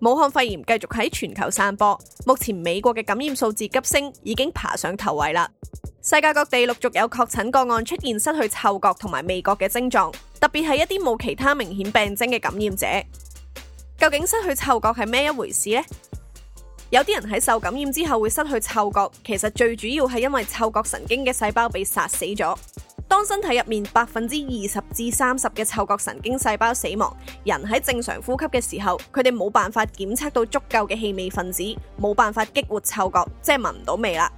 武漢肺炎繼續喺全球散播，目前美國嘅感染數字急升，已經爬上頭位啦。世界各地陸續有確診個案出現失去嗅覺同埋味覺嘅症狀，特別係一啲冇其他明顯病徵嘅感染者。究竟失去嗅覺係咩一回事呢？有啲人喺受感染之後會失去嗅覺，其實最主要係因為嗅覺神經嘅細胞被殺死咗。當身體入面百分之二十至三十嘅嗅覺神經細胞死亡，人喺正常呼吸嘅時候，佢哋冇辦法檢測到足夠嘅氣味分子，冇辦法激活嗅覺，即係聞唔到味啦。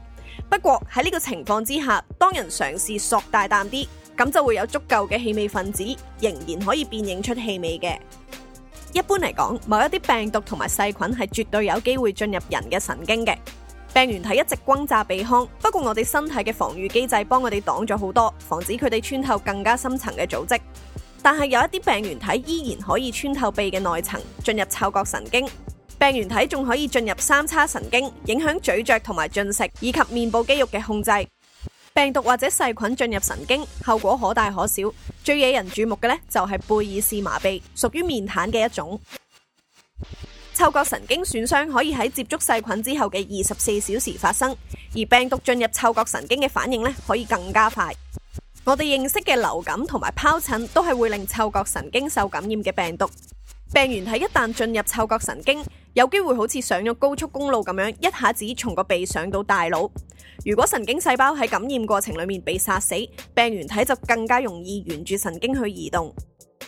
不過喺呢個情況之下，當人嘗試索大啖啲，咁就會有足夠嘅氣味分子，仍然可以辨認出氣味嘅。一般嚟講，某一啲病毒同埋細菌係絕對有機會進入人嘅神經嘅。病原體一直轟炸鼻腔，不過我哋身體嘅防禦機製幫我哋擋咗好多，防止佢哋穿透更加深層嘅組織。但係有一啲病原體依然可以穿透鼻嘅內層，進入嗅覺神經。病原體仲可以進入三叉神經，影響咀嚼同埋進食，以及面部肌肉嘅控制。病毒或者細菌進入神經，後果可大可小。最惹人注目嘅呢，就係貝爾氏麻痹，屬於面癱嘅一種。嗅覺神經損傷可以喺接觸細菌之後嘅二十四小時發生，而病毒進入嗅覺神經嘅反應咧可以更加快。我哋認識嘅流感同埋疱疹都係會令嗅覺神經受感染嘅病毒。病原體一旦進入嗅覺神經，有機會好似上咗高速公路咁樣，一下子從個鼻上到大腦。如果神經細胞喺感染過程裏面被殺死，病原體就更加容易沿住神經去移動。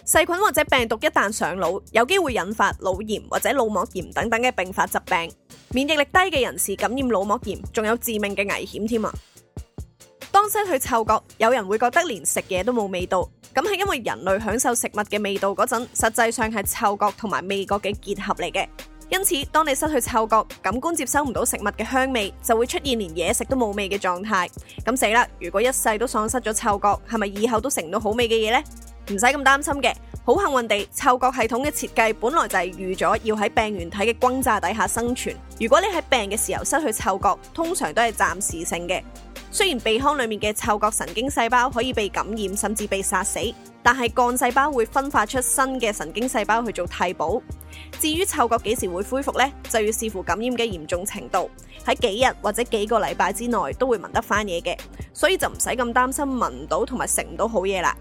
細菌或者病毒一旦上腦，有機會引發腦炎或者腦膜炎等等嘅併發疾病。免疫力低嘅人士感染腦膜炎，仲有致命嘅危險添啊！當失去嗅覺，有人會覺得連食嘢都冇味道，咁係因為人類享受食物嘅味道嗰陣，實際上係嗅覺同埋味覺嘅結合嚟嘅。因此，當你失去嗅覺，感官接收唔到食物嘅香味，就會出現連嘢食都冇味嘅狀態。咁死啦！如果一世都喪失咗嗅覺，係咪以後都食唔到好味嘅嘢呢？唔使咁擔心嘅，好幸運地，嗅覺系統嘅設計本來就係預咗要喺病原體嘅轟炸底下生存。如果你喺病嘅時候失去嗅覺，通常都係暫時性嘅。雖然鼻腔裏面嘅嗅覺神經細胞可以被感染甚至被殺死，但係幹細胞會分化出新嘅神經細胞去做替補。至於嗅覺幾時會恢復呢？就要視乎感染嘅嚴重程度。喺幾日或者幾個禮拜之內都會聞得翻嘢嘅，所以就唔使咁擔心聞唔到同埋食唔到好嘢啦。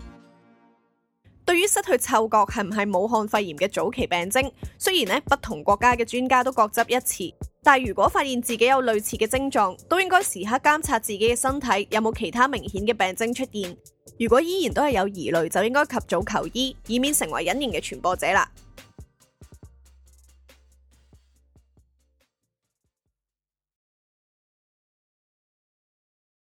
於失去嗅覺係唔係武漢肺炎嘅早期病徵？雖然咧，不同國家嘅專家都各執一詞，但係如果發現自己有類似嘅症狀，都應該時刻監察自己嘅身體有冇其他明顯嘅病徵出現。如果依然都係有疑慮，就應該及早求醫，以免成為隱形嘅傳播者啦。